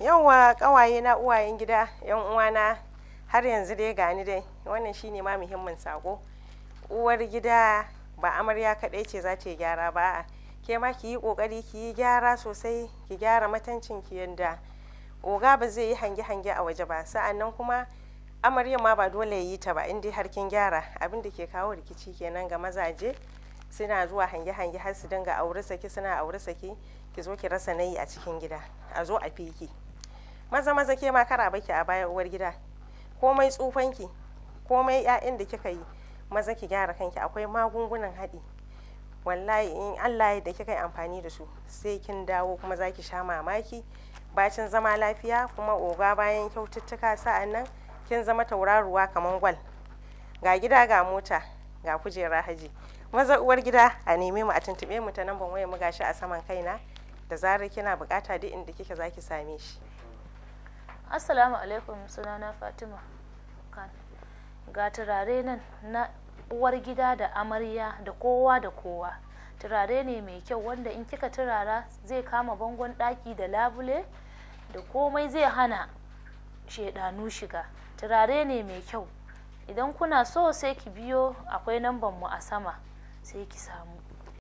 yawa kawaye na uwayen gida yan uwana har yanzu dai gani dai wannan shine ma muhimmin sako uwar gida ba amarya kaɗai ce za ta yi gyara ba a ke ma ki yi kokari ki yi gyara sosai ki gyara matancin ki yanda oga ba zai yi hange-hange a waje ba sa'annan kuma amarya ma ba dole yi ta ba in dai har kin gyara abin da ke kawo rikici kenan ga mazaje suna zuwa hange-hange har su dinga aure saki suna aure saki ki zo ki rasa nayi a cikin gida a zo a fiki maza maza ke ma kara baki a baya uwar gida komai tsufanki komai 'ya'yan da kika yi maza ki gyara kanki akwai magungunan haɗi wallahi in allah da kika yi amfani da su sai kin dawo kuma za ki sha mamaki bacin zama lafiya kuma oga bayan kyaututtuka sa'an nan kin zama tauraruwa kamar gwal ga gida ga mota ga kujera haji maza uwar gida a neme mu a tuntuɓe mu ta nan ban waya mu gashi a saman kaina da zarar kina bukata duk inda kike zaki same shi assalamu alaikum sunana fatima kan ga turare nan na uwar gida da amarya da kowa da kowa turare ne mai kyau wanda in kika turara zai kama bangon daki da labule da komai zai hana shaiɗanu shiga turare ne mai kyau idan kuna so sai ki biyo akwai namban mu a sama sai ki samu